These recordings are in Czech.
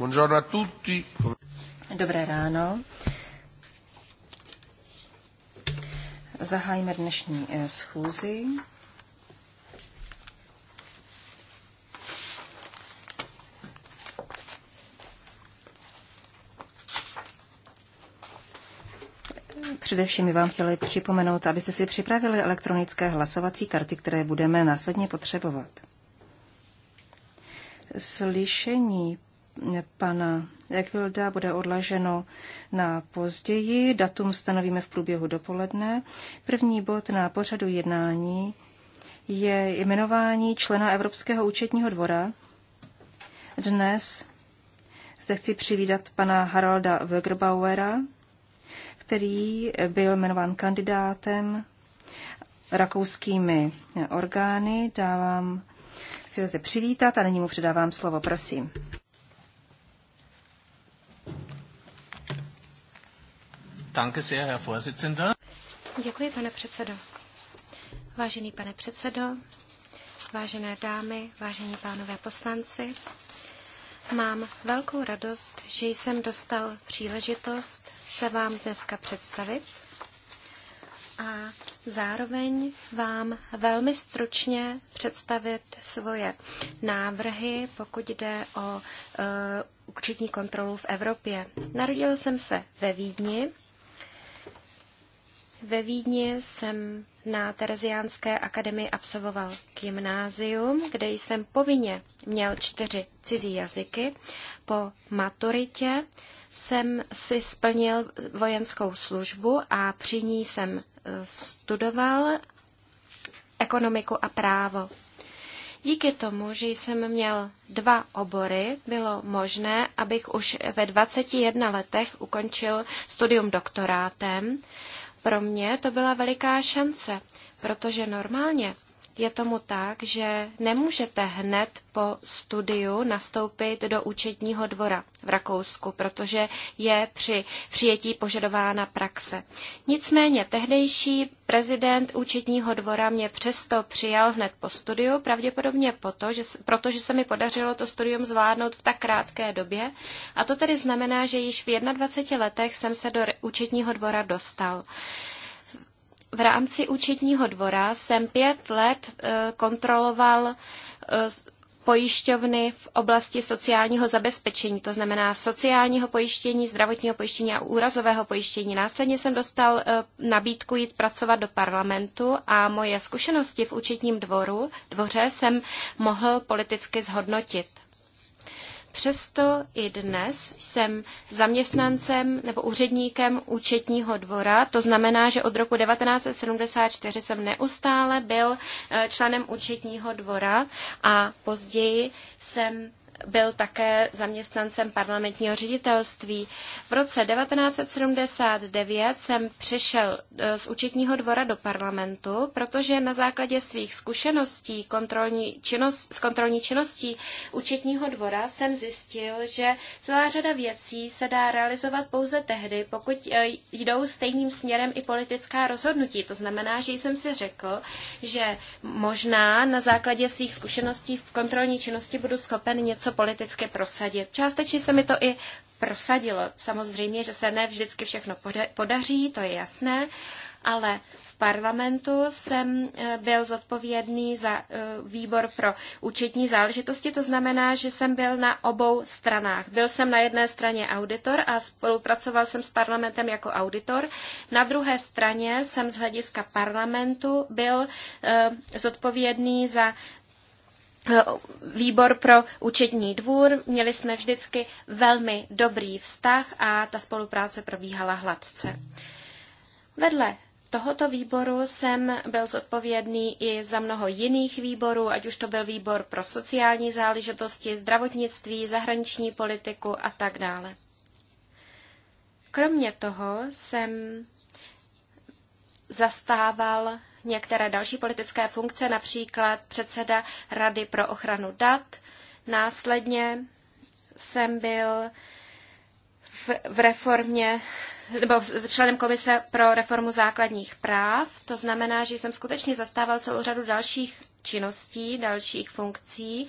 Buongiorno a tutti. Dobré ráno. Zahájíme dnešní eh, schůzi. Především vám chtěli připomenout, abyste si připravili elektronické hlasovací karty, které budeme následně potřebovat. Slyšení pana Ekvilda bude odlaženo na později. Datum stanovíme v průběhu dopoledne. První bod na pořadu jednání je jmenování člena Evropského účetního dvora. Dnes se chci přivídat pana Haralda Wögerbauera, který byl jmenován kandidátem rakouskými orgány. Dávám, si ho zde přivítat a nyní mu předávám slovo, prosím. Danke sehr, Herr Vorsitzender. Děkuji, pane předsedo. Vážený pane předsedo, vážené dámy, vážení pánové poslanci, mám velkou radost, že jsem dostal příležitost se vám dneska představit a zároveň vám velmi stručně představit svoje návrhy, pokud jde o e, účetní kontrolu v Evropě. Narodil jsem se ve Vídni ve Vídni jsem na Tereziánské akademii absolvoval gymnázium, kde jsem povinně měl čtyři cizí jazyky. Po maturitě jsem si splnil vojenskou službu a při ní jsem e, studoval ekonomiku a právo. Díky tomu, že jsem měl dva obory, bylo možné, abych už ve 21 letech ukončil studium doktorátem pro mě to byla veliká šance, protože normálně je tomu tak, že nemůžete hned po studiu nastoupit do účetního dvora v Rakousku, protože je při přijetí požadována praxe. Nicméně tehdejší prezident účetního dvora mě přesto přijal hned po studiu, pravděpodobně proto, že, protože se mi podařilo to studium zvládnout v tak krátké době. A to tedy znamená, že již v 21 letech jsem se do účetního dvora dostal v rámci účetního dvora jsem pět let eh, kontroloval eh, pojišťovny v oblasti sociálního zabezpečení, to znamená sociálního pojištění, zdravotního pojištění a úrazového pojištění. Následně jsem dostal eh, nabídku jít pracovat do parlamentu a moje zkušenosti v účetním dvoru, dvoře jsem mohl politicky zhodnotit. Přesto i dnes jsem zaměstnancem nebo úředníkem účetního dvora. To znamená, že od roku 1974 jsem neustále byl eh, členem účetního dvora a později jsem byl také zaměstnancem parlamentního ředitelství. V roce 1979 jsem přišel e, z účetního dvora do parlamentu, protože na základě svých zkušeností kontrolní činnost, s kontrolní činností účetního dvora jsem zjistil, že celá řada věcí se dá realizovat pouze tehdy, pokud e, jdou stejným směrem i politická rozhodnutí. To znamená, že jsem si řekl, že možná na základě svých zkušeností v kontrolní činnosti budu schopen něco něco politicky prosadit. Částečně se mi to i prosadilo. Samozřejmě, že se ne vždycky všechno podaří, to je jasné, ale v parlamentu jsem eh, byl zodpovědný za eh, výbor pro účetní záležitosti, to znamená, že jsem byl na obou stranách. Byl jsem na jedné straně auditor a spolupracoval jsem s parlamentem jako auditor. Na druhé straně jsem z hlediska parlamentu byl eh, zodpovědný za Eh, výbor pro účetní dvůr. Měli jsme vždycky velmi dobrý vztah a ta spolupráce probíhala hladce. Vedle tohoto výboru jsem byl zodpovědný i za mnoho jiných výborů, ať už to byl výbor pro sociální záležitosti, zdravotnictví, zahraniční politiku a tak dále. Kromě toho jsem zastával některé další politické funkce, například předseda Rady pro ochranu dat. Následně jsem byl v, v reformě nebo členem komise pro reformu základních práv. To znamená, že jsem skutečně zastával celou řadu dalších činností, dalších funkcí,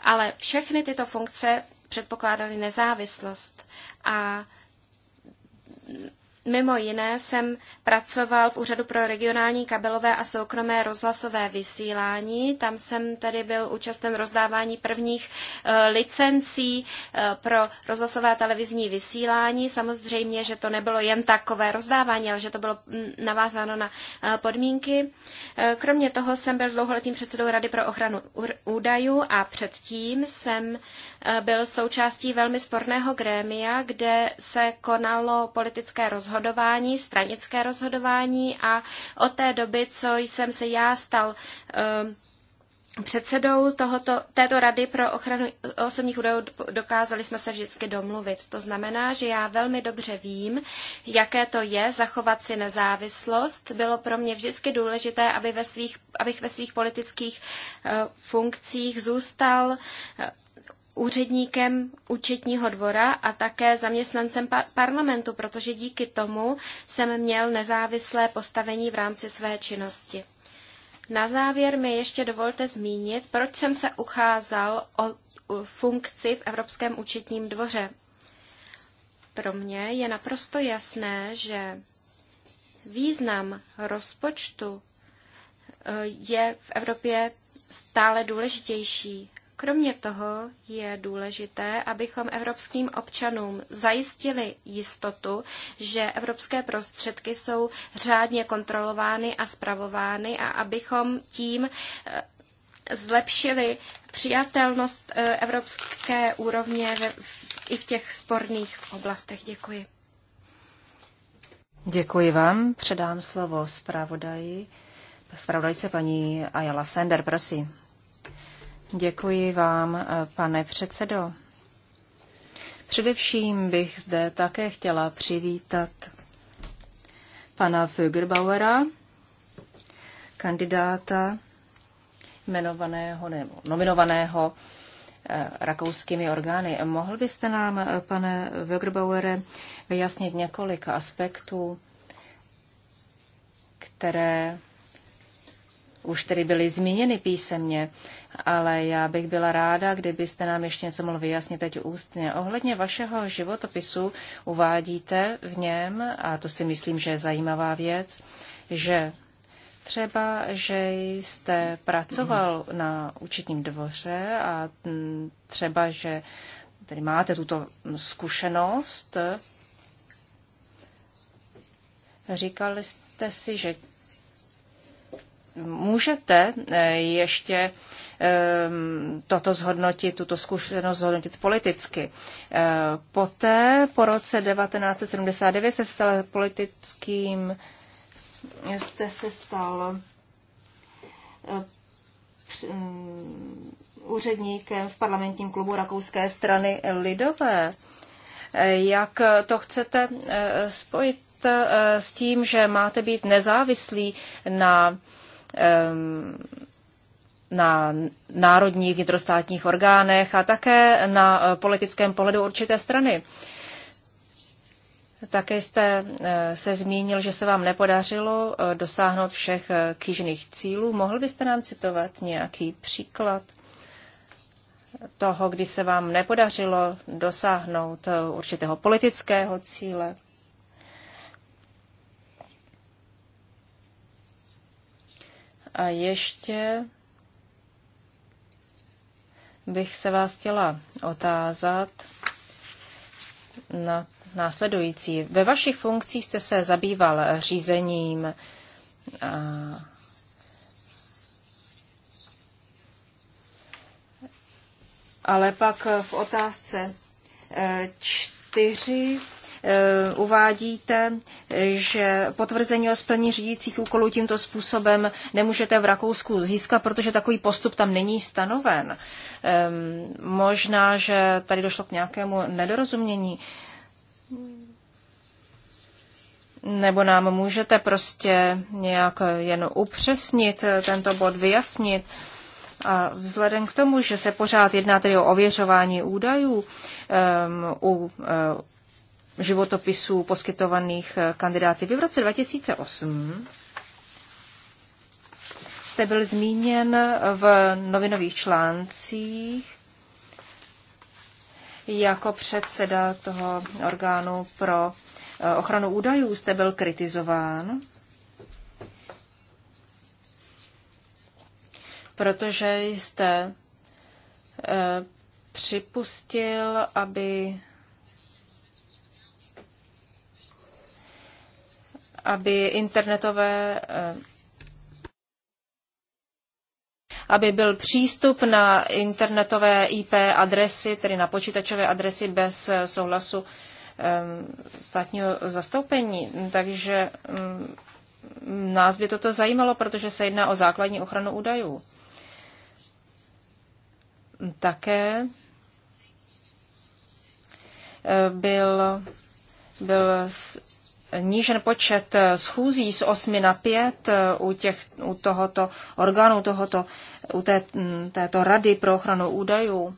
ale všechny tyto funkce předpokládaly nezávislost. A Mimo jiné jsem pracoval v Úřadu pro regionální kabelové a soukromé rozhlasové vysílání. Tam jsem tedy byl účastem rozdávání prvních eh, licencí eh, pro rozhlasové a televizní vysílání. Samozřejmě, že to nebylo jen takové rozdávání, ale že to bylo mm, navázáno na eh, podmínky. Kromě toho jsem byl dlouholetým předsedou Rady pro ochranu údajů a předtím jsem byl součástí velmi sporného grémia, kde se konalo politické rozhodnutí rozhodování, stranické rozhodování a od té doby, co jsem se já stal ehm, předsedou tohoto, této rady pro ochranu osobních údajů dokázali jsme se vždycky domluvit. To znamená, že já velmi dobře vím, jaké to je zachovat si nezávislost. Bylo pro mě vždycky důležité, aby ve svých, abych ve svých politických uh, funkcích zůstal uh, úředníkem účetního dvora a také zaměstnancem par parlamentu, protože díky tomu jsem měl nezávislé postavení v rámci své činnosti. Na závěr mi ještě dovolte zmínit, proč jsem se ucházel o funkci v Evropském účetním dvoře. Pro mě je naprosto jasné, že význam rozpočtu e, je v Evropě stále důležitější. Kromě toho je důležité, abychom evropským občanům zajistili jistotu, že evropské prostředky jsou řádně kontrolovány a spravovány a abychom tím eh, zlepšili přijatelnost eh, evropské úrovně i v těch sporných oblastech. Děkuji. Děkuji vám. Předám slovo zpravodaji. Zpravodajce paní Ayala Sender, prosím. Děkuji vám, eh, pane předsedo. Především bych zde také chtěla přivítat pana Fögerbauera, kandidáta jmenovaného nebo nominovaného eh, rakouskými orgány. Mohl byste nám, eh, pane Wögerbauere, vyjasnit několik aspektů, které už tedy byly zmíněny písemně, ale já bych byla ráda, kdybyste nám ještě něco mohl vyjasnit teď ústně. Ohledně vašeho životopisu uvádíte v něm, a to si myslím, že je zajímavá věc, že třeba, že jste pracoval na účetním dvoře a třeba, že tedy máte tuto zkušenost. Říkali jste si, že můžete eh, ještě ehm, toto zhodnotit, tuto zkušenost zhodnotit politicky. Eh, poté, po roce 1979, jste se stal politickým, jste se stal eh, mm, úředníkem v parlamentním klubu Rakouské strany Lidové. Jak to chcete spojit s tím, že máte být nezávislí na na národních vnitrostátních orgánech a také na eh, politickém pohledu určité strany. Také jste eh, se zmínil, že se vám nepodařilo eh, dosáhnout všech kýžných cílů. Mohl byste nám citovat nějaký příklad toho, kdy se vám nepodařilo dosáhnout určitého politického cíle? A ještě bych se vás chtěla otázat na následující. Ve vašich funkcích jste se zabýval řízením a ale pak v otázce e, čtyři Eh, uvádíte, že potvrzení o splnění řídících úkolů tímto způsobem nemůžete v Rakousku získat, protože takový postup tam není stanoven. Možná, že tady došlo k nějakému nedorozumění. Nebo nám můžete prostě nějak jen upřesnit eh, tento bod, vyjasnit. A vzhledem k tomu, že se pořád jedná tedy o ověřování údajů um, u uh, životopisů poskytovaných eh, kandidáty. Vy v roce 2008 jste byl zmíněn v novinových článcích jako předseda toho orgánu pro eh, ochranu údajů. Jste byl kritizován, protože jste eh, připustil, aby aby internetové eh, aby byl přístup na internetové IP adresy, tedy na počítačové adresy bez eh, souhlasu eh, státního zastoupení. Takže mm, nás by toto zajímalo, protože se jedná o základní ochranu údajů. Také byl, byl nížen počet eh, schůzí z 8 na 5 eh, u, těch, u tohoto orgánu, tohoto, u té, mm, této rady pro ochranu údajů.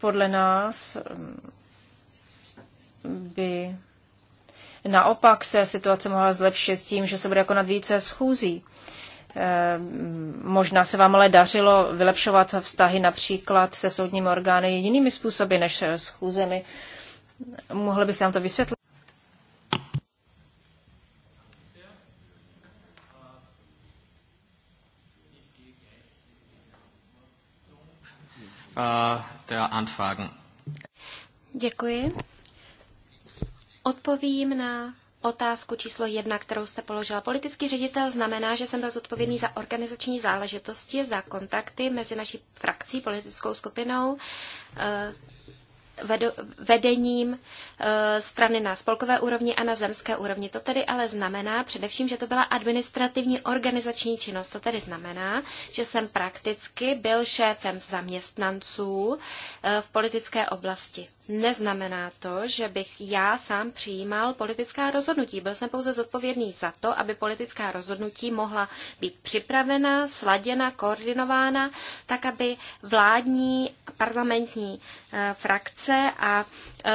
Podle nás mm, by naopak se situace mohla zlepšit tím, že se bude konat více schůzí. Eh, mm, možná se vám ale dařilo vylepšovat vztahy například se soudními orgány jinými způsoby než schůzemi Mohli byste nám to vysvětlit? Äh, der Děkuji. Odpovím na otázku číslo jedna, kterou jste položila. Politický ředitel znamená, že jsem byl zodpovědný za organizační záležitosti, za kontakty mezi naší frakcí, politickou skupinou, vedením eh, strany na spolkové úrovni a na zemské úrovni. To tedy ale znamená především, že to byla administrativní organizační činnost. To tedy znamená, že jsem prakticky byl šéfem zaměstnanců eh, v politické oblasti. Neznamená to, že bych já sám přijímal politická rozhodnutí. Byl jsem pouze zodpovědný za to, aby politická rozhodnutí mohla být připravena, sladěna, koordinována, tak aby vládní parlamentní eh, frakce a eh,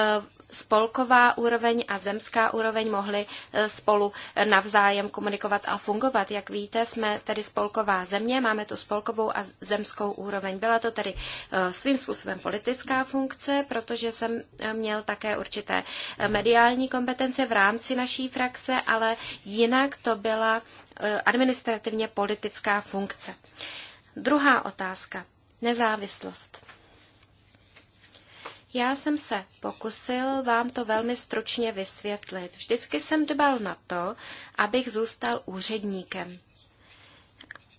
spolková úroveň a zemská úroveň mohly eh, spolu eh, navzájem komunikovat a fungovat. Jak víte, jsme tedy spolková země, máme tu spolkovou a zemskou úroveň. Byla to tedy eh, svým způsobem politická funkce, protože jsem měl také určité mediální kompetence v rámci naší frakce, ale jinak to byla administrativně politická funkce. Druhá otázka. Nezávislost. Já jsem se pokusil vám to velmi stručně vysvětlit. Vždycky jsem dbal na to, abych zůstal úředníkem.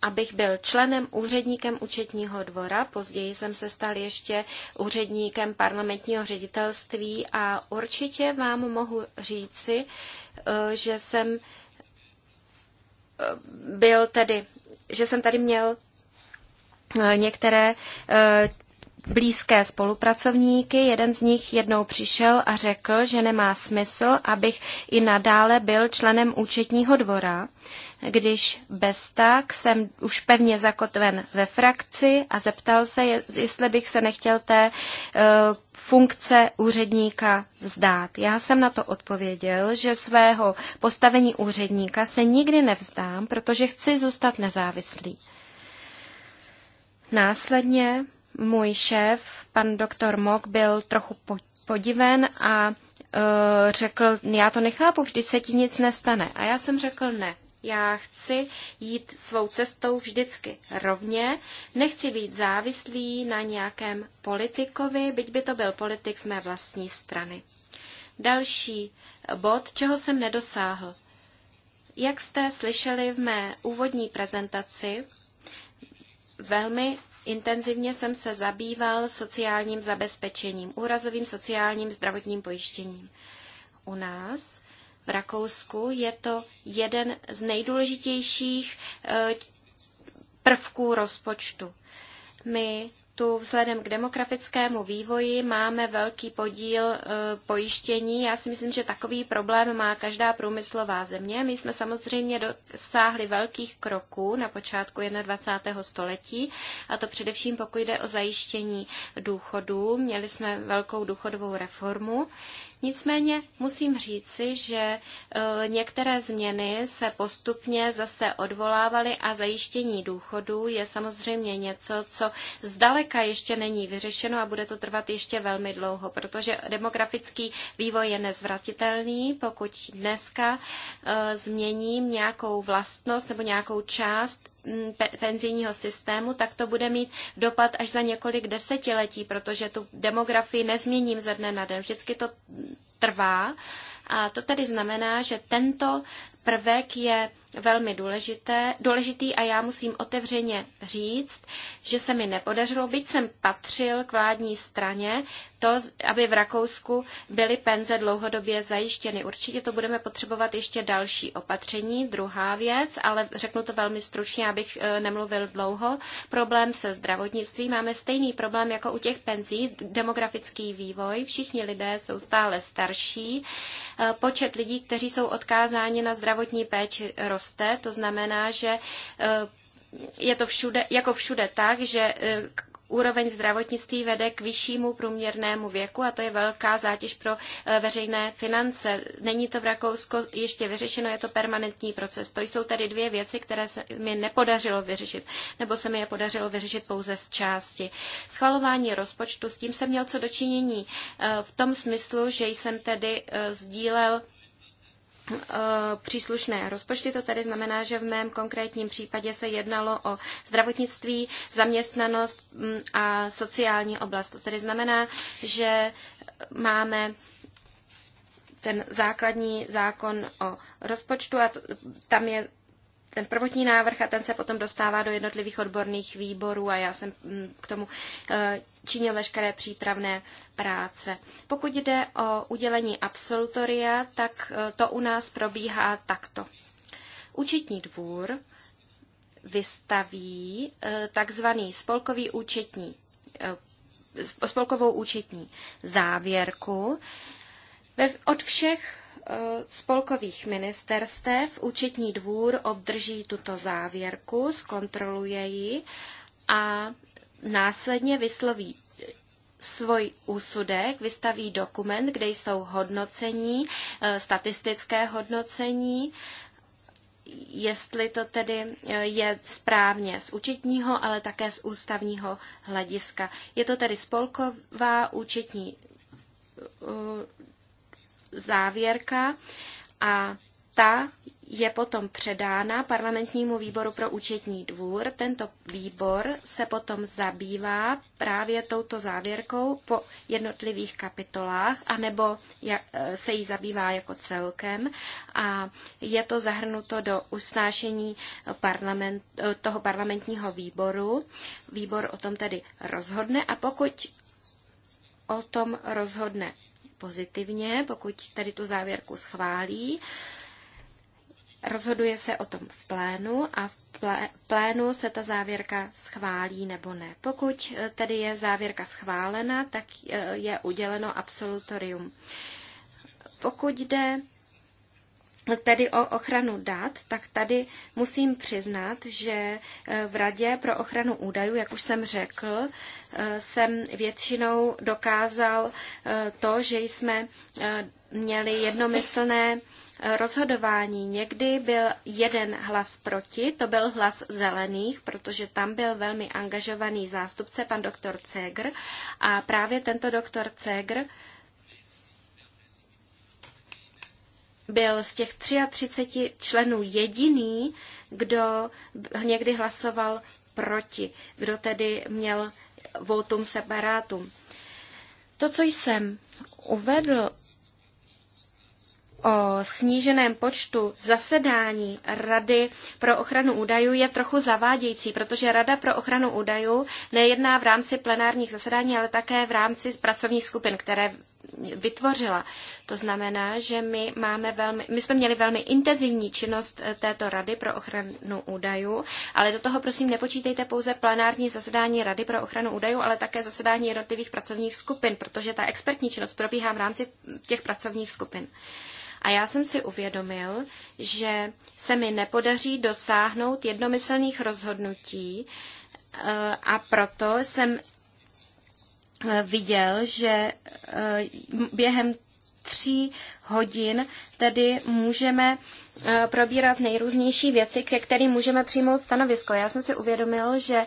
Abych byl členem úředníkem účetního dvora, později jsem se stal ještě úředníkem parlamentního ředitelství a určitě vám mohu říci, eh, že jsem eh, byl tedy, že jsem tady měl eh, některé blízké spolupracovníky. Jeden z nich jednou přišel a řekl, že nemá smysl, abych i nadále byl členem účetního dvora, když bez tak jsem už pevně zakotven ve frakci a zeptal se, jestli bych se nechtěl té uh, funkce úředníka vzdát. Já jsem na to odpověděl, že svého postavení úředníka se nikdy nevzdám, protože chci zůstat nezávislý. Následně můj šéf, pan doktor Mok, byl trochu podiven a e, řekl, já to nechápu, vždyť se ti nic nestane. A já jsem řekl ne. Já chci jít svou cestou vždycky rovně, nechci být závislý na nějakém politikovi, byť by to byl politik z mé vlastní strany. Další bod, čeho jsem nedosáhl. Jak jste slyšeli v mé úvodní prezentaci, velmi Intenzivně jsem se zabýval sociálním zabezpečením, úrazovým sociálním zdravotním pojištěním. U nás v Rakousku je to jeden z nejdůležitějších eh, prvků rozpočtu. My tu vzhledem k demografickému vývoji máme velký podíl e, pojištění. Já si myslím, že takový problém má každá průmyslová země. My jsme samozřejmě dosáhli velkých kroků na počátku 21. století, a to především pokud jde o zajištění důchodů. Měli jsme velkou důchodovou reformu. Nicméně musím říci, že e, některé změny se postupně zase odvolávaly a zajištění důchodů je samozřejmě něco, co zdaleka ještě není vyřešeno a bude to trvat ještě velmi dlouho, protože demografický vývoj je nezvratitelný. Pokud dneska e, změním nějakou vlastnost nebo nějakou část penzijního systému, tak to bude mít dopad až za několik desetiletí, protože tu demografii nezměním ze dne na den. Vždycky to trvá. A to tedy znamená, že tento prvek je velmi důležité, důležitý a já musím otevřeně říct, že se mi nepodařilo, byť jsem patřil k vládní straně, to, aby v Rakousku byly penze dlouhodobě zajištěny. Určitě to budeme potřebovat ještě další opatření. Druhá věc, ale řeknu to velmi stručně, abych eh, nemluvil dlouho. Problém se zdravotnictví. Máme stejný problém jako u těch penzí. Demografický vývoj. Všichni lidé jsou stále starší. Eh, počet lidí, kteří jsou odkázáni na zdravotní péči, roste. To znamená, že eh, je to všude, jako všude tak, že úroveň zdravotnictví vede k vyššímu průměrnému věku a to je velká zátěž pro eh, veřejné finance. Není to v Rakousku ještě vyřešeno, je to permanentní proces. To jsou tedy dvě věci, které se mi nepodařilo vyřešit, nebo se mi je podařilo vyřešit pouze z části. Schvalování rozpočtu, s tím jsem měl co dočinění eh, v tom smyslu, že jsem tedy eh, sdílel Eh, příslušné rozpočty. To tedy znamená, že v mém konkrétním případě se jednalo o zdravotnictví, zaměstnanost mm, a sociální oblast. To tedy znamená, že máme ten základní zákon o rozpočtu a to, tam je ten prvotní návrh a ten se potom dostává do jednotlivých odborných výborů a já jsem mm, k tomu eh, činil veškeré přípravné práce. Pokud jde o udělení absolutoria, tak eh, to u nás probíhá takto. Účetní dvůr vystaví eh, takzvaný spolkový účetní, spolkovou účetní závěrku od všech Eh, spolkových ministerstev účetní dvůr obdrží tuto závěrku, zkontroluje ji a následně vysloví svůj úsudek, vystaví dokument, kde jsou hodnocení, eh, statistické hodnocení, jestli to tedy eh, je správně z účetního, ale také z ústavního hlediska. Je to tedy spolková účetní závěrka a ta je potom předána parlamentnímu výboru pro účetní dvůr. Tento výbor se potom zabývá právě touto závěrkou po jednotlivých kapitolách, anebo e, se jí zabývá jako celkem a je to zahrnuto do usnášení parlament, e, toho parlamentního výboru. Výbor o tom tedy rozhodne a pokud o tom rozhodne pozitivně, pokud tady tu závěrku schválí. Rozhoduje se o tom v plénu a v plénu se ta závěrka schválí nebo ne. Pokud eh, tedy je závěrka schválena, tak eh, je uděleno absolutorium. Pokud jde tedy o ochranu dat, tak tady musím přiznat, že e, v Radě pro ochranu údajů, jak už jsem řekl, e, jsem většinou dokázal e, to, že jsme měli jednomyslné rozhodování. Někdy byl jeden hlas proti, to byl hlas zelených, protože tam byl velmi angažovaný zástupce, pan doktor Cegr. A právě tento doktor Cegr byl z těch 33 členů jediný, kdo někdy hlasoval proti, kdo tedy měl votum separatum. To, co jsem uvedl o sníženém počtu zasedání Rady pro ochranu údajů je trochu zavádějící, protože Rada pro ochranu údajů nejedná v rámci plenárních zasedání, ale také v rámci pracovních skupin, které vytvořila. To znamená, že my, máme velmi, my jsme měli velmi intenzivní činnost eh, této Rady pro ochranu údajů, ale do toho prosím nepočítejte pouze plenární zasedání Rady pro ochranu údajů, ale také zasedání jednotlivých pracovních skupin, protože ta expertní činnost probíhá v rámci těch pracovních skupin. A já jsem si uvědomil, že se mi nepodaří dosáhnout jednomyslných rozhodnutí eh, a proto jsem Eh, viděl, že eh, během tří hodin tedy můžeme eh, probírat nejrůznější věci, ke kterým můžeme přijmout stanovisko. Já jsem si uvědomil, že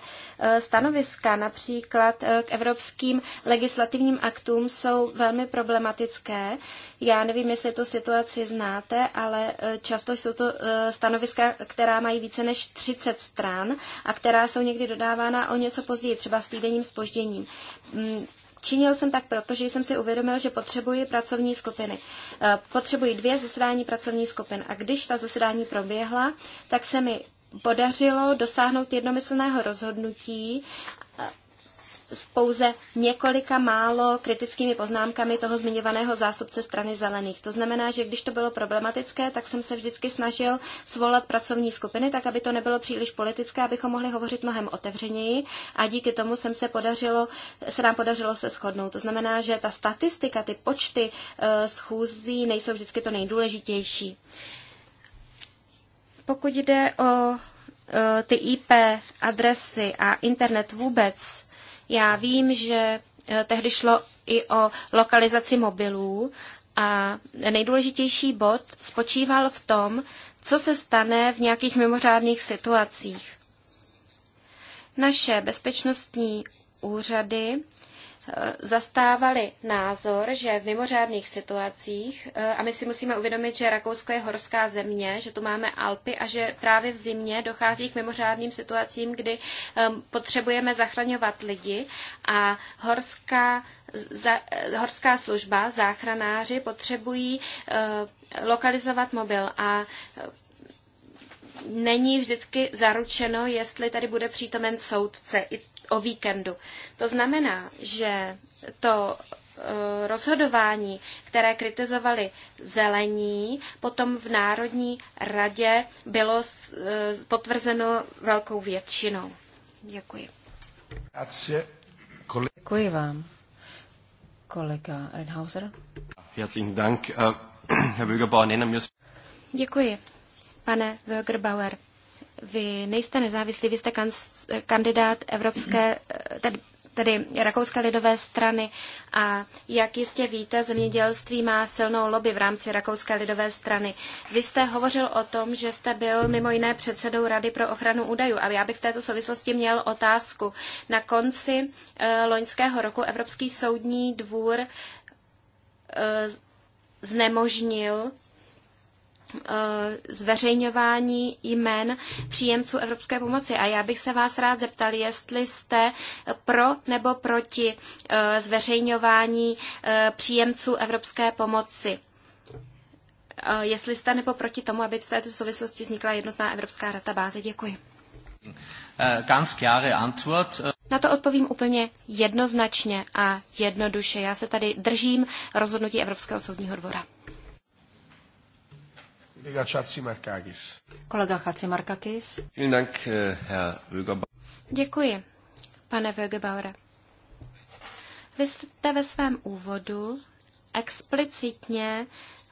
stanoviska například k evropským legislativním aktům jsou velmi problematické. Já nevím, jestli tu situaci znáte, ale e, často jsou to e, stanoviska, která mají více než 30 stran a která jsou někdy dodávána o něco později, třeba s týdenním spožděním. Mm, činil jsem tak proto, že jsem si uvědomil, že potřebuji pracovní skupiny. E, potřebuji dvě zasedání pracovní skupin. A když ta zasedání proběhla, tak se mi podařilo dosáhnout jednomyslného rozhodnutí s pouze několika málo kritickými poznámkami toho zmiňovaného zástupce strany zelených. To znamená, že když to bylo problematické, tak jsem se vždycky snažil svolat pracovní skupiny, tak aby to nebylo příliš politické, abychom mohli hovořit mnohem otevřeněji a díky tomu jsem se, podařilo, se nám podařilo se shodnout. To znamená, že ta statistika, ty počty eh, schůzí nejsou vždycky to nejdůležitější. Pokud jde o eh, ty IP adresy a internet vůbec, já vím, že eh, tehdy šlo i o lokalizaci mobilů a nejdůležitější bod spočíval v tom, co se stane v nějakých mimořádných situacích. Naše bezpečnostní úřady Eh, zastávali názor, že v mimořádných situacích, eh, a my si musíme uvědomit, že Rakousko je horská země, že tu máme Alpy a že právě v zimě dochází k mimořádným situacím, kdy eh, potřebujeme zachraňovat lidi a horská za, horská služba, záchranáři potřebují lokalizovat mobil a není vždycky zaručeno, jestli tady bude přítomen soudce. I o víkendu. To znamená, že to e, rozhodování, které kritizovali zelení, potom v Národní radě bylo e, potvrzeno velkou většinou. Děkuji. Děkuji vám. Kolega Reinhauser. Herzlichen Dank, Herr Děkuji, pane Wögerbauer vy nejste nezávislí, vy jste kan, kandidát Evropské, tedy, tedy Rakouské lidové strany a jak jistě víte, zemědělství má silnou lobby v rámci Rakouské lidové strany. Vy jste hovořil o tom, že jste byl mimo jiné předsedou Rady pro ochranu údajů a já bych v této souvislosti měl otázku. Na konci e, loňského roku Evropský soudní dvůr e, znemožnil Eh, zveřejňování jmen příjemců evropské pomoci. A já bych se vás rád zeptal, jestli jste pro nebo proti eh, zveřejňování eh, příjemců evropské pomoci. Jestli jste nebo proti tomu, aby v této souvislosti vznikla jednotná evropská databáze. Děkuji. Na to odpovím úplně jednoznačně a jednoduše. Já se tady držím rozhodnutí Evropského soudního dvora. Kolega Chacimarkakis. Kolega Chacimarkakis. Eh, Děkuji, pane Wögebauer. Vy jste ve svém úvodu explicitně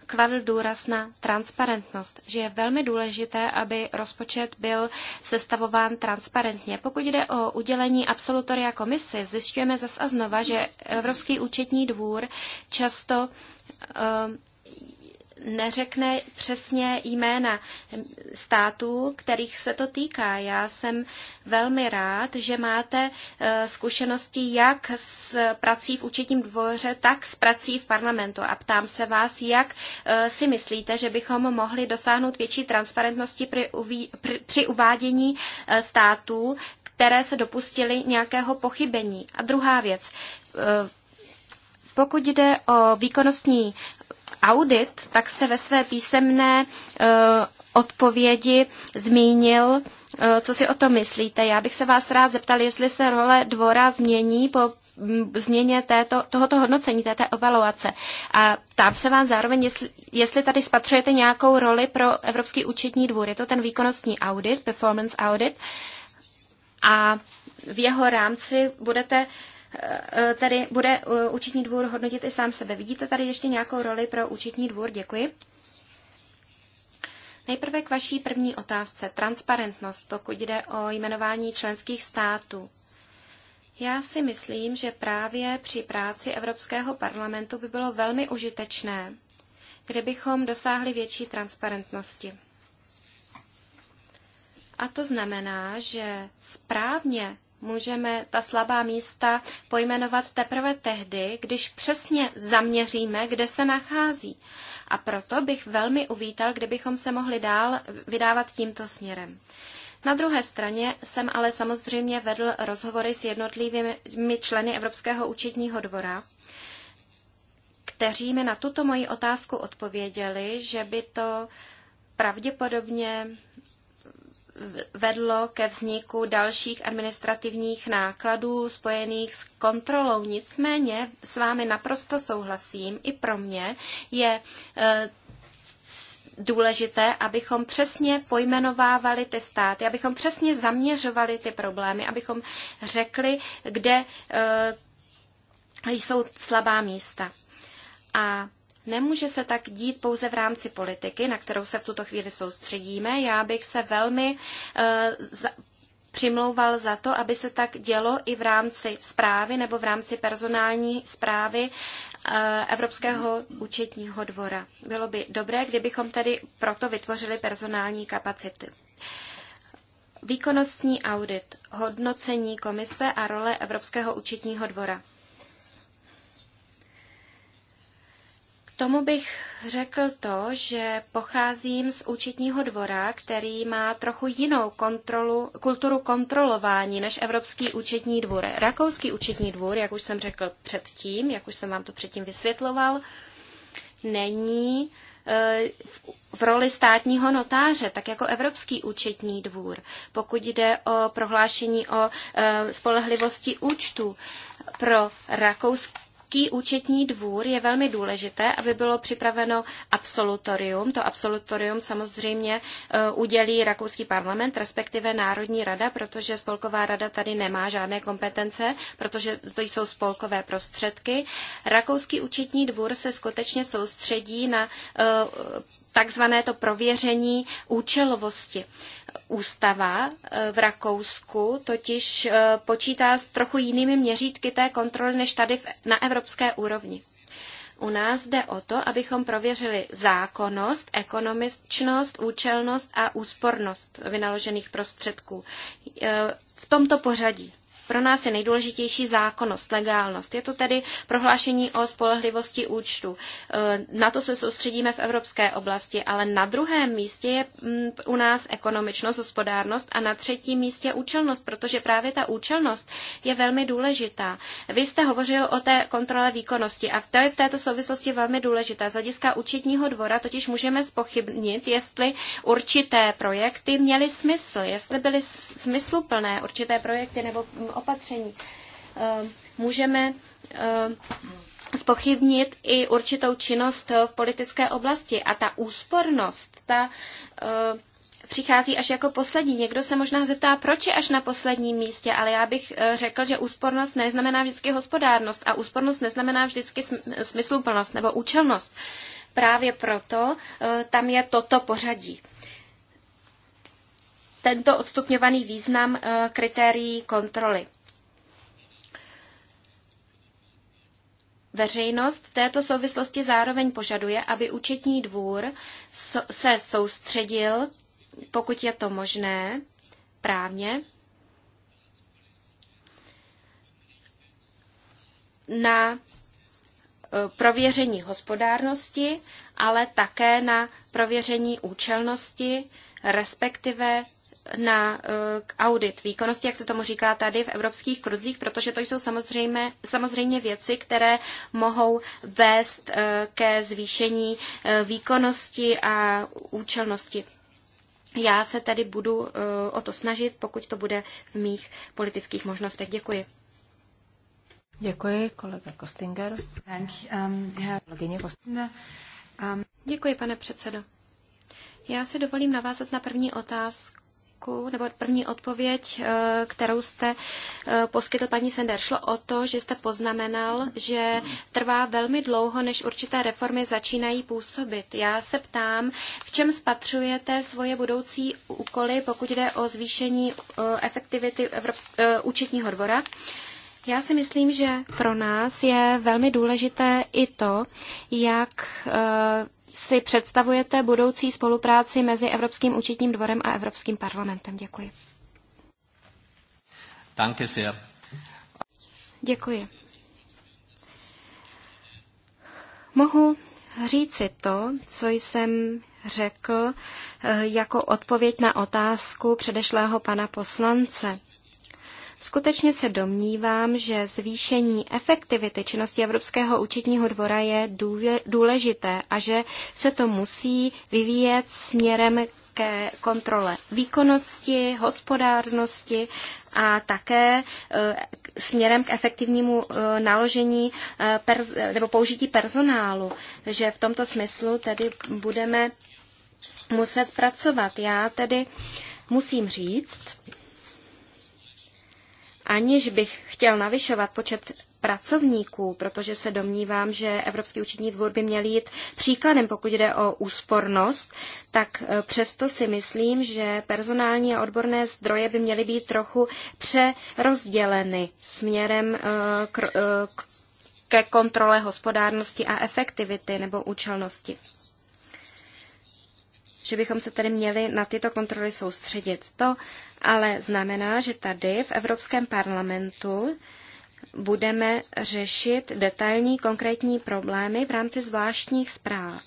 kladl důraz na transparentnost, že je velmi důležité, aby rozpočet byl sestavován transparentně. Pokud jde o udělení absolutoria komisi, zjišťujeme zase a znova, že Evropský účetní dvůr často uh, neřekne přesně jména států, kterých se to týká. Já jsem velmi rád, že máte eh, zkušenosti jak s prací v účetním dvoře, tak s prací v parlamentu. A ptám se vás, jak eh, si myslíte, že bychom mohli dosáhnout větší transparentnosti při, uví, při uvádění eh, států, které se dopustily nějakého pochybení. A druhá věc. Pokud jde o výkonnostní audit, tak jste ve své písemné eh, odpovědi zmínil, eh, co si o tom myslíte. Já bych se vás rád zeptal, jestli se role dvora změní po změně této, tohoto hodnocení, této evaluace. A tam se vám zároveň, jestli, jestli tady spatřujete nějakou roli pro Evropský účetní dvůr. Je to ten výkonnostní audit, performance audit. A v jeho rámci budete uh, Eh, eh, tedy bude eh, účetní dvůr hodnotit i sám sebe. Vidíte tady ještě nějakou roli pro účetní dvůr? Děkuji. Nejprve k vaší první otázce. Transparentnost, pokud jde o jmenování členských států. Já si myslím, že právě při práci Evropského parlamentu by bylo velmi užitečné, kdybychom dosáhli větší transparentnosti. A to znamená, že správně můžeme ta slabá místa pojmenovat teprve tehdy, když přesně zaměříme, kde se nachází. A proto bych velmi uvítal, kdybychom se mohli dál vydávat tímto směrem. Na druhé straně jsem ale samozřejmě vedl rozhovory s jednotlivými členy Evropského účetního dvora, kteří mi na tuto moji otázku odpověděli, že by to pravděpodobně vedlo ke vzniku dalších administrativních nákladů spojených s kontrolou. Nicméně s vámi naprosto souhlasím, i pro mě je e, důležité, abychom přesně pojmenovávali ty státy, abychom přesně zaměřovali ty problémy, abychom řekli, kde e, jsou slabá místa. A Nemůže se tak dít pouze v rámci politiky, na kterou se v tuto chvíli soustředíme. Já bych se velmi eh, přimlouval za to, aby se tak dělo i v rámci zprávy nebo v rámci personální zprávy eh, Evropského účetního dvora. Bylo by dobré, kdybychom tedy proto vytvořili personální kapacity. Výkonnostní audit, hodnocení komise a role Evropského účetního dvora. tomu bych řekl to, že pocházím z účetního dvora, který má trochu jinou kontrolu, kulturu kontrolování než Evropský účetní dvůr. Rakouský účetní dvůr, jak už jsem řekl předtím, jak už jsem vám to předtím vysvětloval, není e, v roli státního notáře, tak jako Evropský účetní dvůr, pokud jde o prohlášení o e, spolehlivosti účtu pro Rakousk Evropský účetní dvůr je velmi důležité, aby bylo připraveno absolutorium. To absolutorium samozřejmě eh, udělí Rakouský parlament, respektive Národní rada, protože Spolková rada tady nemá žádné kompetence, protože to jsou spolkové prostředky. Rakouský účetní dvůr se skutečně soustředí na eh, takzvané to prověření účelovosti ústava eh, v Rakousku totiž eh, počítá s trochu jinými měřítky té kontroly než tady na evropské úrovni. U nás jde o to, abychom prověřili zákonnost, ekonomičnost, účelnost a úspornost vynaložených prostředků. Eh, v tomto pořadí pro nás je nejdůležitější zákonnost, legálnost. Je to tedy prohlášení o spolehlivosti účtu. Na to se soustředíme v evropské oblasti, ale na druhém místě je mm, u nás ekonomičnost, hospodárnost a na třetím místě účelnost, protože právě ta účelnost je velmi důležitá. Vy jste hovořil o té kontrole výkonnosti a to je v této souvislosti velmi důležitá. Z hlediska účetního dvora totiž můžeme spochybnit, jestli určité projekty měly smysl, jestli byly smysluplné určité projekty nebo opatření. Eh, můžeme spochybnit eh, i určitou činnost v politické oblasti a ta úspornost, ta eh, přichází až jako poslední. Někdo se možná zeptá, proč je až na posledním místě, ale já bych řekl, že úspornost neznamená vždycky hospodárnost a úspornost neznamená vždycky smysluplnost nebo účelnost. Právě proto tam je toto pořadí tento odstupňovaný význam eh, kritérií kontroly. Veřejnost v této souvislosti zároveň požaduje, aby účetní dvůr se soustředil, pokud je to možné, právně na eh, prověření hospodárnosti, ale také na prověření účelnosti, respektive na eh, k audit výkonnosti, jak se tomu říká tady v evropských kruzích, protože to jsou samozřejmě, samozřejmě věci, které mohou vést eh, ke zvýšení eh, výkonnosti a účelnosti. Já se tedy budu o to snažit, pokud to bude v mých politických možnostech. Děkuji. Děkuji, kolega Kostinger. Um, um, Děkuji, pane předsedo. Já si dovolím navázat na první otázku otázku, nebo první odpověď, eh, kterou jste eh, poskytl paní Sender. Šlo o to, že jste poznamenal, že trvá velmi dlouho, než určité reformy začínají působit. Já se ptám, v čem spatřujete svoje budoucí úkoly, pokud jde o zvýšení eh, efektivity Evrops- účetního dvora? Já si myslím, že pro nás je velmi důležité i to, jak si představujete budoucí spolupráci mezi Evropským účetním dvorem a Evropským parlamentem? Děkuji. Danke sehr. Děkuji. Mohu říci to, co jsem řekl eh, jako odpověď na otázku předešlého pana poslance. Skutečně se domnívám, že zvýšení efektivity činnosti Evropského účetního dvora je důležité a že se to musí vyvíjet směrem ke kontrole výkonnosti, hospodárnosti a také eh, směrem k efektivnímu eh, naložení eh, nebo použití personálu, že v tomto smyslu tedy budeme muset pracovat. Já tedy musím říct, aniž bych chtěl navyšovat počet pracovníků, protože se domnívám, že Evropský účetní dvůr by měl jít příkladem, pokud jde o úspornost, tak e, přesto si myslím, že personální a odborné zdroje by měly být trochu přerozděleny směrem e, e, k, ke kontrole hospodárnosti a efektivity nebo účelnosti že bychom se tedy měli na tyto kontroly soustředit. To ale znamená, že tady v Evropském parlamentu budeme řešit detailní konkrétní problémy v rámci zvláštních zpráv.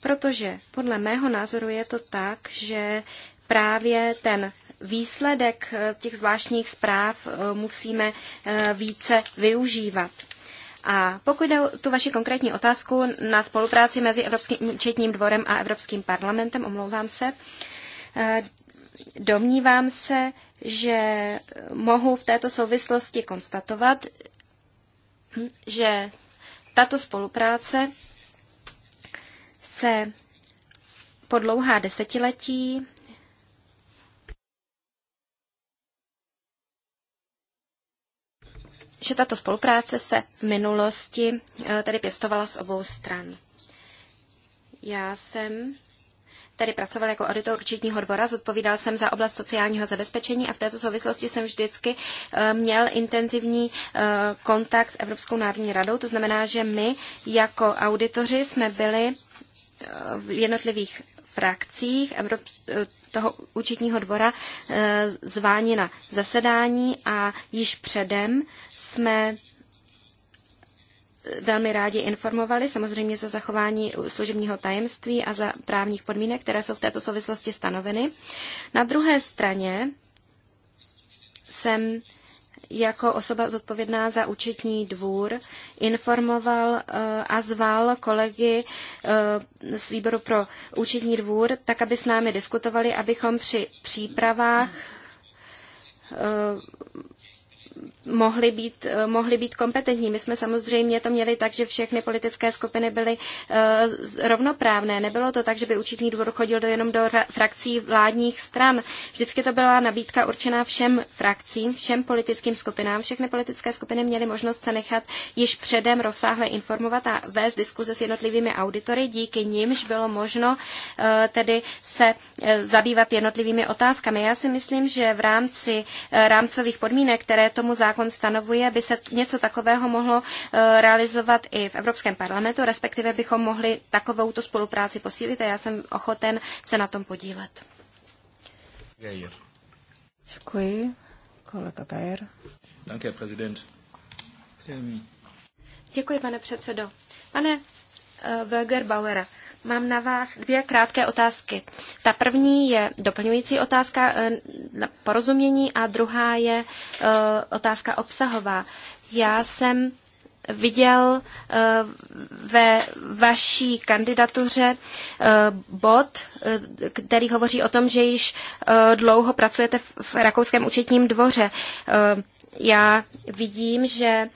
Protože podle mého názoru je to tak, že právě ten výsledek eh, těch zvláštních zpráv eh, musíme eh, více využívat. A pokud jde o tu vaši konkrétní otázku na spolupráci mezi Evropským účetním dvorem a Evropským parlamentem, omlouvám se, eh, domnívám se, že mohu v této souvislosti konstatovat, že tato spolupráce se po dlouhá desetiletí že tato spolupráce se v minulosti eh, tedy pěstovala z obou stran. Já jsem tedy pracoval jako auditor určitního dvora, zodpovídal jsem za oblast sociálního zabezpečení a v této souvislosti jsem vždycky eh, měl intenzivní eh, kontakt s Evropskou národní radou. To znamená, že my jako auditoři jsme byli v jednotlivých frakcích Evrop- toho účetního dvora eh, zváni na zasedání a již předem jsme velmi rádi informovali, samozřejmě za zachování služebního tajemství a za právních podmínek, které jsou v této souvislosti stanoveny. Na druhé straně jsem jako osoba zodpovědná za účetní dvůr informoval eh, a zval kolegy eh, z výboru pro účetní dvůr, tak aby s námi diskutovali, abychom při přípravách eh, mohli být, eh, mohli být kompetentní. My jsme samozřejmě to měli tak, že všechny politické skupiny byly eh, rovnoprávné. Nebylo to tak, že by účetní dvor chodil do, jenom do frakcí vládních stran. Vždycky to byla nabídka určená všem frakcím, všem politickým skupinám. Všechny politické skupiny měly možnost se nechat již předem rozsáhle informovat a vést diskuze s jednotlivými auditory. Díky nimž bylo možno eh, tedy se zabývat jednotlivými otázkami. Já si myslím, že v rámci rámcových podmínek, které tomu tomu zákon stanovuje, by se něco takového mohlo eh, realizovat i v Evropském parlamentu, respektive bychom mohli takovouto spolupráci posílit a já jsem ochoten se na tom podílet. Děkuji. Kolega Danke, Děkuji, pane předsedo. Pane eh, Mám na vás dvě krátké otázky. Ta první je doplňující otázka eh, na porozumění a druhá je eh, otázka obsahová. Já jsem viděl eh, ve vaší kandidatuře bod, který hovoří o tom, že již dlouho pracujete v Rakouském účetním dvoře já vidím, že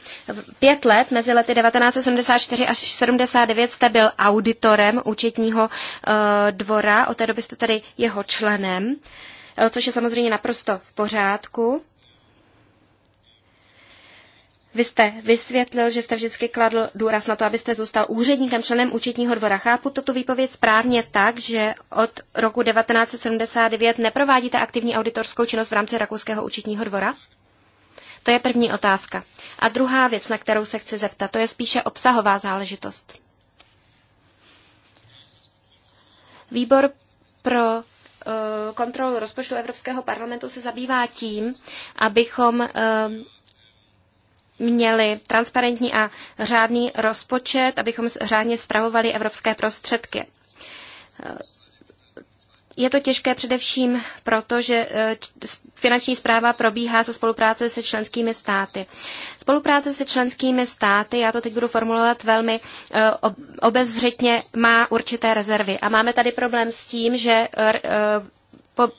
pět let mezi lety 1974 až 79 jste byl auditorem účetního eh, dvora, od té doby jste tedy jeho členem, eh, což je samozřejmě naprosto v pořádku. Vy jste vysvětlil, že jste vždycky kladl důraz na to, abyste zůstal úředníkem, členem účetního dvora. Chápu toto výpověď správně tak, že od roku 1979 neprovádíte aktivní auditorskou činnost v rámci Rakouského účetního dvora? To je první otázka. A druhá věc, na kterou se chci zeptat, to je spíše obsahová záležitost. Výbor pro eh, kontrolu rozpočtu Evropského parlamentu se zabývá tím, abychom eh, měli transparentní a řádný rozpočet, abychom řádně spravovali evropské prostředky. Eh, je to těžké především proto, že e, finanční zpráva probíhá se spolupráce se členskými státy. Spolupráce se členskými státy, já to teď budu formulovat velmi e, obezřetně, má určité rezervy. A máme tady problém s tím, že e,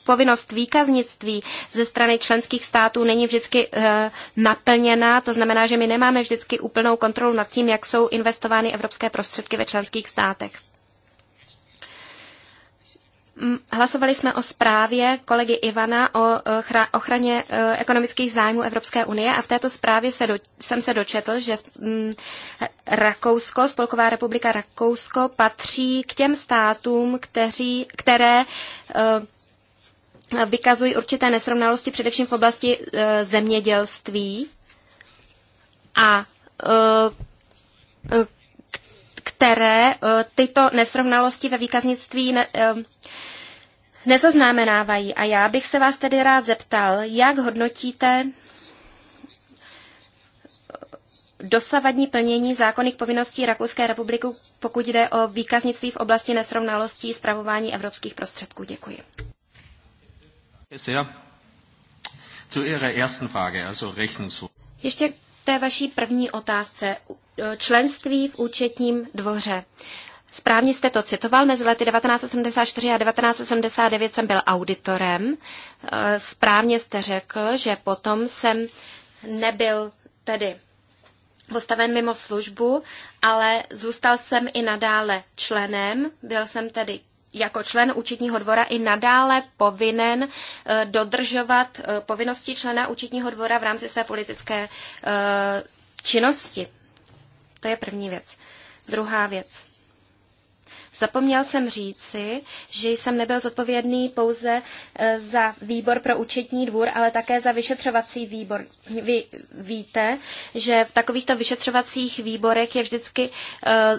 povinnost výkaznictví ze strany členských států není vždycky e, naplněná, to znamená, že my nemáme vždycky úplnou kontrolu nad tím, jak jsou investovány evropské prostředky ve členských státech. Mm, hlasovali jsme o zprávě kolegy Ivana o eh, ochraně eh, ekonomických zájmů Evropské unie a v této zprávě se do, jsem se dočetl, že mm, Rakousko, Spolková republika Rakousko patří k těm státům, kteří, které eh, vykazují určité nesrovnalosti především v oblasti zemědělství a které eh, tyto nesrovnalosti ve výkaznictví ne, eh, nezaznamenávají. A já bych se vás tedy rád zeptal, jak hodnotíte eh, dosavadní plnění zákonných povinností Rakouské republiky, pokud jde o výkaznictví v oblasti nesrovnalostí zpravování evropských prostředků. Děkuji. Ještě k té vaší první otázce členství v účetním dvoře. Správně jste to citoval, mezi lety 1974 a 1979 jsem byl auditorem. E, správně jste řekl, že potom jsem nebyl tedy postaven mimo službu, ale zůstal jsem i nadále členem. Byl jsem tedy jako člen účetního dvora i nadále povinen e, dodržovat e, povinnosti člena účetního dvora v rámci své politické činnosti. To je první věc. Druhá věc. Zapomněl jsem říci, že jsem nebyl zodpovědný pouze e, za výbor pro účetní dvůr, ale také za vyšetřovací výbor. Vy víte, že v takovýchto vyšetřovacích výborech je vždycky e,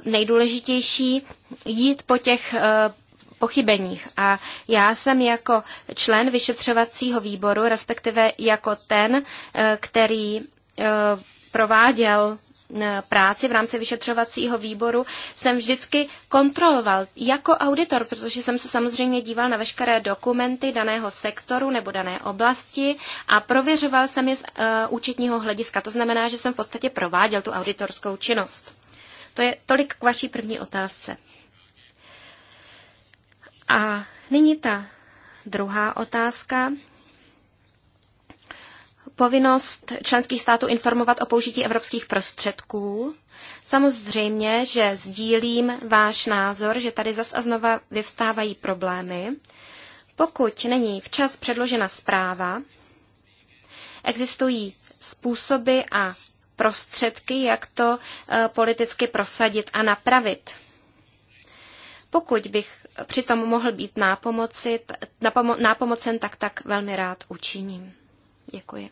nejdůležitější jít po těch e, pochybeních. A já jsem jako člen vyšetřovacího výboru, respektive jako ten, který prováděl Eh, práci v rámci vyšetřovacího výboru jsem vždycky kontroloval jako auditor, protože jsem se samozřejmě díval na veškeré dokumenty daného sektoru nebo dané oblasti a prověřoval jsem je z uh, účetního hlediska. To znamená, že jsem v podstatě prováděl tu auditorskou činnost. To je tolik k vaší první otázce. A nyní ta druhá otázka povinnost členských států informovat o použití evropských prostředků. Samozřejmě, že sdílím váš názor, že tady zas a znova vyvstávají problémy. Pokud není včas předložena zpráva, existují způsoby a prostředky, jak to eh, politicky prosadit a napravit. Pokud bych přitom mohl být nápomocen, tak tak velmi rád učiním. Děkuji.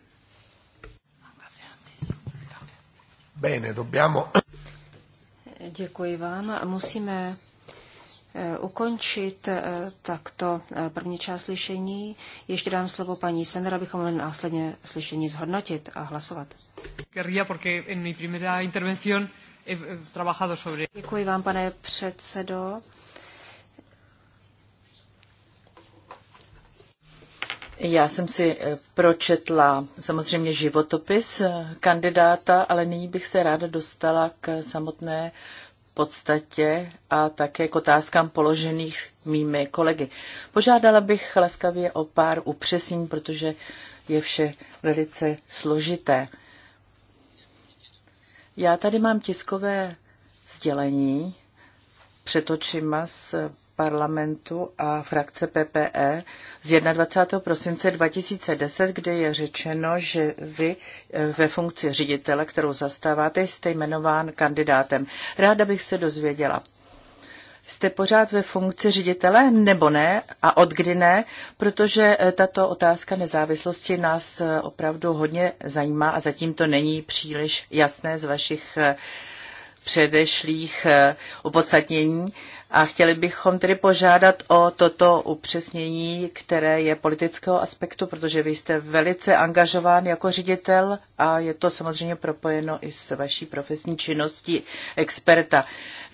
Bene, dobbiamo... Děkuji vám. Musíme eh, ukončit eh, takto eh, první část slyšení. Ještě dám slovo paní Sender, abychom mohli následně slyšení zhodnotit a hlasovat. Děkuji vám, pane předsedo. Já jsem si eh, pročetla samozřejmě životopis eh, kandidáta, ale nyní bych se ráda dostala k samotné podstatě a také k otázkám položených mými kolegy. Požádala bych laskavě o pár upřesnění, protože je vše velice složité. Já tady mám tiskové sdělení před očima z parlamentu a frakce PPE z 21. prosince 2010, kde je řečeno, že vy eh, ve funkci ředitele, kterou zastáváte, jste jmenován kandidátem. Ráda bych se dozvěděla, jste pořád ve funkci ředitele nebo ne a od kdy ne, protože eh, tato otázka nezávislosti nás eh, opravdu hodně zajímá a zatím to není příliš jasné z vašich předešlých opodstatnění eh, a chtěli bychom tedy požádat o toto upřesnění, které je politického aspektu, protože vy jste velice angažován jako ředitel a je to samozřejmě propojeno i s vaší profesní činností experta.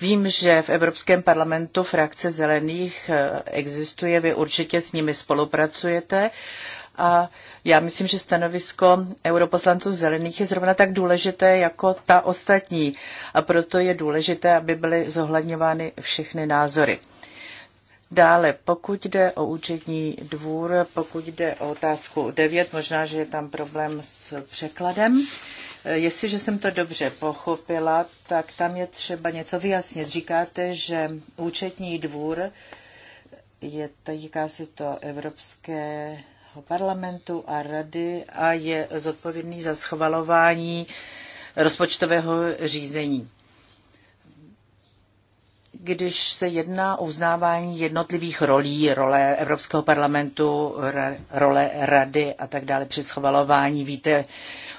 Vím, že v Evropském parlamentu frakce zelených eh, existuje, vy určitě s nimi spolupracujete a já myslím, že stanovisko europoslanců zelených je zrovna tak důležité jako ta ostatní a proto je důležité, aby byly zohledňovány všechny názory. Dále, pokud jde o účetní dvůr, pokud jde o otázku 9, možná, že je tam problém s překladem. E, jestliže jsem to dobře pochopila, tak tam je třeba něco vyjasnit. Říkáte, že účetní dvůr je, týká se to Evropské Evropského parlamentu a rady a je zodpovědný za schvalování rozpočtového řízení. Když se jedná o uznávání jednotlivých rolí, role Evropského parlamentu, role rady a tak dále při schvalování, víte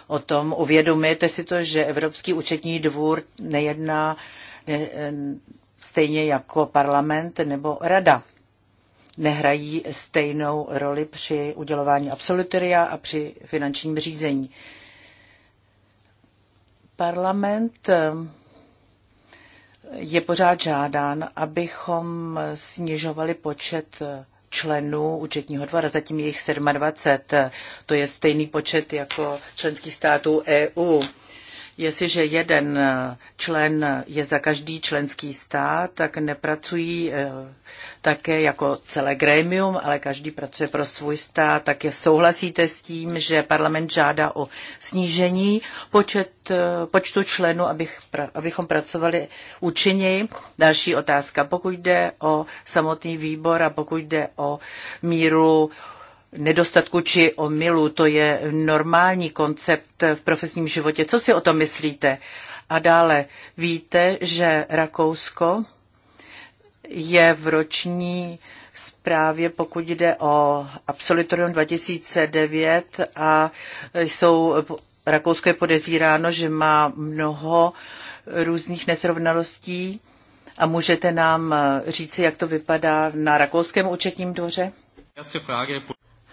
o tom, uvědomujete si to, že Evropský účetní dvůr nejedná ne, eh, stejně jako parlament nebo rada nehrají stejnou roli při udělování absolutoria a při finančním řízení. Parlament eh, je pořád žádán, abychom snižovali počet členů účetního dvora, zatím je jich 27. To je stejný počet jako členských států EU. Jestliže jeden eh, člen je za každý členský stát, tak nepracují eh, také jako celé grémium, ale každý pracuje pro svůj stát. Tak je souhlasíte s tím, že parlament žádá o snížení počet, eh, počtu členů, abych, abychom pracovali účinněji. Další otázka. Pokud jde o samotný výbor a pokud jde o míru nedostatku či omylu. To je normální koncept v profesním životě. Co si o tom myslíte? A dále víte, že Rakousko je v roční zprávě, pokud jde o absolutorium 2009 a jsou, Rakousko je podezíráno, že má mnoho různých nesrovnalostí. A můžete nám říci, jak to vypadá na rakouském účetním dvoře?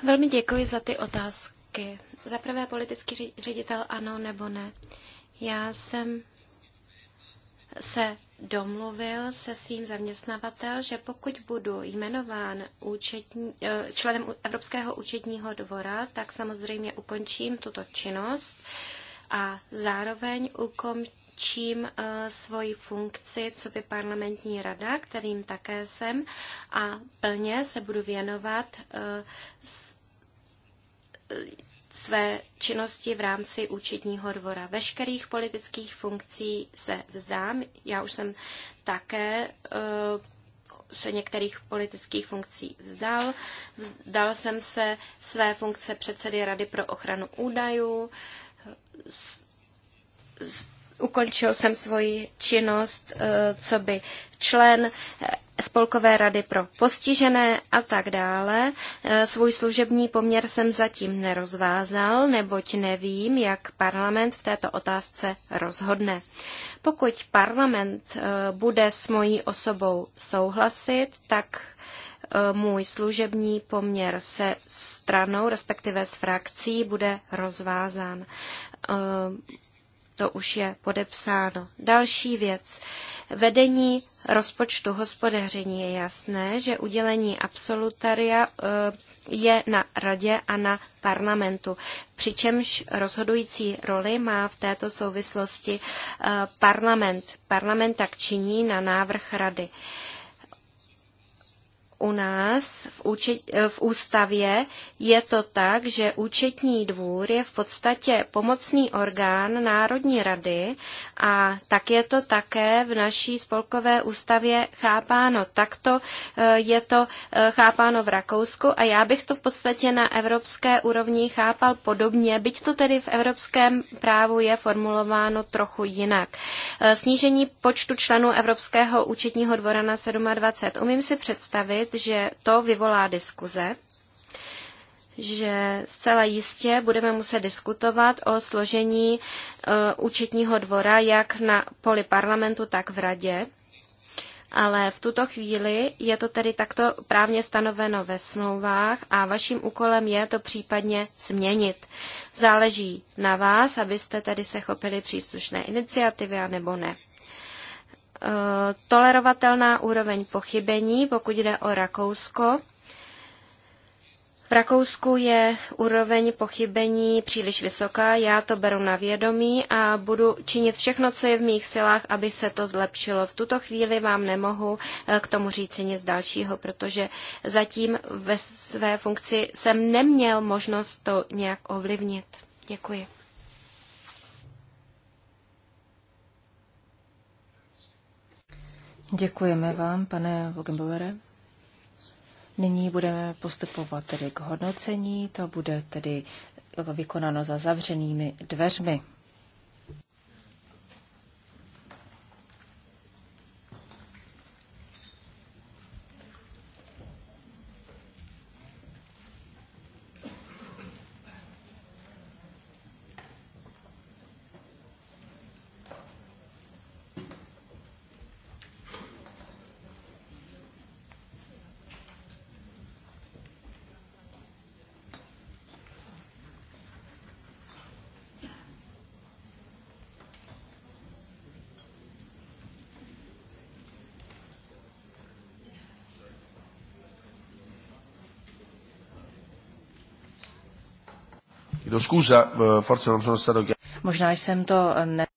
Velmi děkuji za ty otázky. Za prvé politický ředitel ano nebo ne. Já jsem se domluvil se svým zaměstnavatel, že pokud budu jmenován účetní, eh, členem Evropského účetního dvora, tak samozřejmě ukončím tuto činnost a zároveň ukončím čím eh, svoji funkci, co by parlamentní rada, kterým také jsem, a plně se budu věnovat eh, eh, své činnosti v rámci účetního dvora. Veškerých politických funkcí se vzdám. Já už jsem také se některých politických funkcí vzdal. Vzdal jsem se své funkce předsedy Rady pro ochranu údajů ukončil jsem svoji činnost eh, co by člen eh, Spolkové rady pro postižené a tak dále. Eh, svůj služební poměr jsem zatím nerozvázal, neboť nevím, jak parlament v této otázce rozhodne. Pokud parlament bude s mojí osobou souhlasit, tak můj služební poměr se stranou, respektive s frakcí, bude rozvázán to už je podepsáno. Další věc. Vedení rozpočtu hospodaření je jasné, že udělení absolutaria eh, je na radě a na parlamentu, přičemž rozhodující roli má v této souvislosti eh, parlament. Parlament tak činí na návrh rady u nás eh, v, ústavě je to tak, že účetní dvůr je v podstatě pomocný orgán Národní rady a tak je to také v naší spolkové ústavě chápáno. Takto eh, je to eh, chápáno v Rakousku a já bych to v podstatě na evropské úrovni chápal podobně, byť to tedy v evropském právu je formulováno trochu jinak. Snížení počtu členů Evropského účetního dvora na 27. Umím si představit, zajistit, že to vyvolá diskuze, že zcela jistě budeme muset diskutovat o složení uh, účetního dvora jak na poli parlamentu, tak v radě. Ale v tuto chvíli je to tedy takto právně stanoveno ve smlouvách a vaším úkolem je to případně změnit. Záleží na vás, abyste tedy se chopili příslušné iniciativy a nebo ne. Eh, tolerovatelná úroveň pochybení, pokud jde o Rakousko. V Rakousku je úroveň pochybení příliš vysoká, já to beru na vědomí a budu činit všechno, co je v mých silách, aby se to zlepšilo. V tuto chvíli vám nemohu eh, k tomu říci nic dalšího, protože zatím ve své funkci jsem neměl možnost to nějak ovlivnit. Děkuji. Děkujeme vám, pane Vogenbauere. Nyní budeme postupovat tedy k hodnocení. To bude tedy vykonáno za zavřenými dveřmi. Chiedo scusa, forse non sono stato chiaro. Možná jsem to ne